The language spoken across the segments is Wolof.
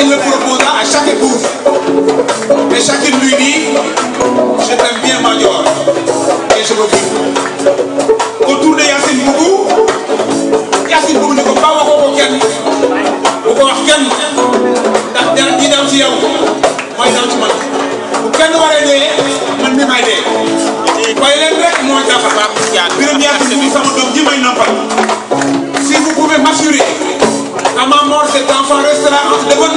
il le propose à chaque épouse. Et chacune lui dit, je t'aime bien Major, et je m'occupe.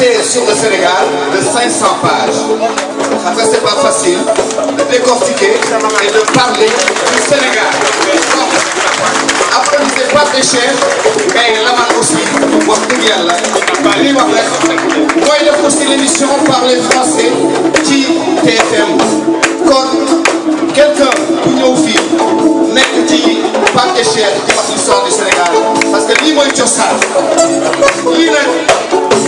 été sur le de 500 pages. Ça, ça c'est pas facile de décortiquer et de parler du Sénégal. Applaudissez pas très cher, mais là man aussi, wax dëgg yàlla li wax rek mooy def aussi l'émission par les Français franceses? TFM kon quelqu'un bu ñëw fii nekk ci Pape Cheikh di wax l'histoire du Sénégal parce que lii mooy cosaan lii nag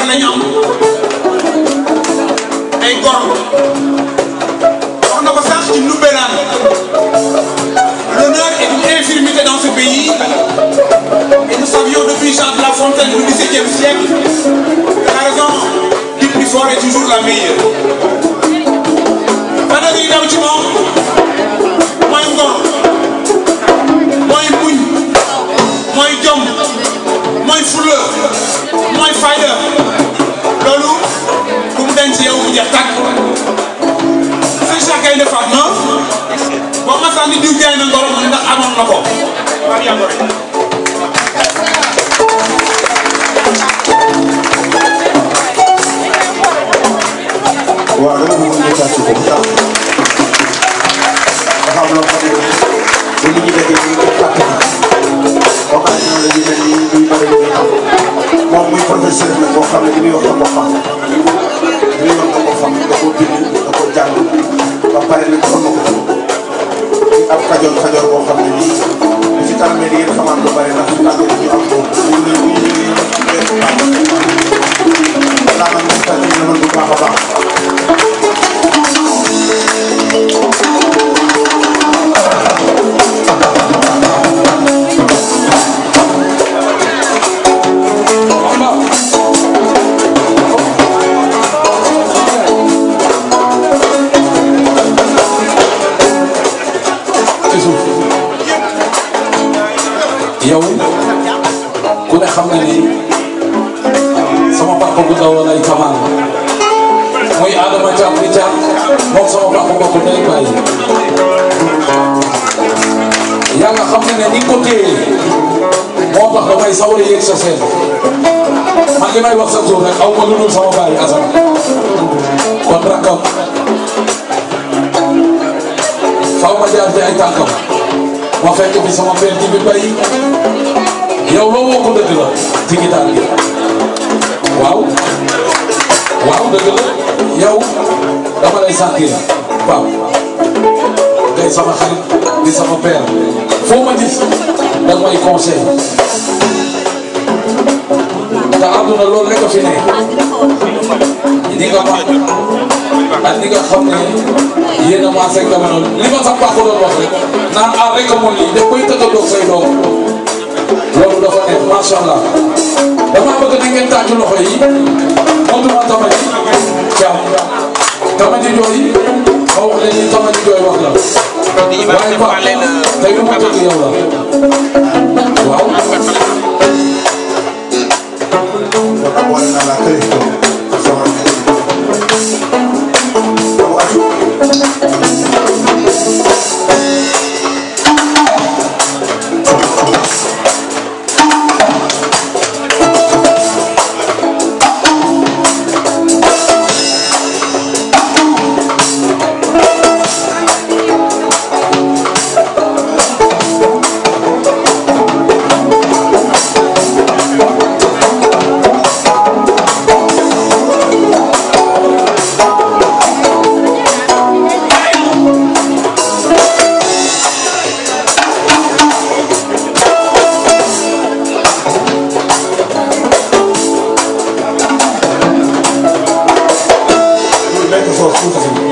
Un corps. am ay gor wax na ko sax l'honneur est une infirmité dans ce pays et nous savions depuis Jean de La Fontaine du XVIIe siècle la raison du plus fort est toujours la meilleure Moi, di daw Moi, moom mooy Moi, mooy muñ Moi, jom foule. Moi, mooy fayda tàkk sëñ Cheikh Gaynde Fatma boo ma sànni diw jaay na ngoro man ndax amoon na ko waaw dama bëgg ñu tàcc ko bu tàcc dafa am loo xam ne bu nit ñi dajee ñu koy tàcc occasion la ñu mel ni ñuy bëri moom muy professeur la boo xam ne yow ku ne xam nga ni sama papa bu ndaw lay tamaan muy Adama Thiam di Thiam moom sama papa bokk ndey bàyyi yàlla xam na ne ni ko moo tax damay sawar a yéeg sa seen man li may wax sa tur rek aw ma lu dul sama bàyyi asam kon rakkam faw ma jaar ci ay ma fekk fi sama père ji bi bay yow loo woo ko dëgg la ci gitaar gi waaw waaw dëgg la yow dama lay sentir Pape ngay sama xarit di sama père foo ma gis da may conseil te àdduna loolu rek a fi ne ni nga ma ak ñi nga xam ne yéen a maasee jamono li ma sax baaxul doon wax rek naan aar rek a mën lii daf koy tëggatoo say doom loolu dafa nekk macha allah damaa bëgg na ngeen tàcc loxo yi moom dama tamati jàmm tamati jooy ma wax leen ni tamati jooy wax la waaye quoi tey lu ma tëgg yow la waaw. 어,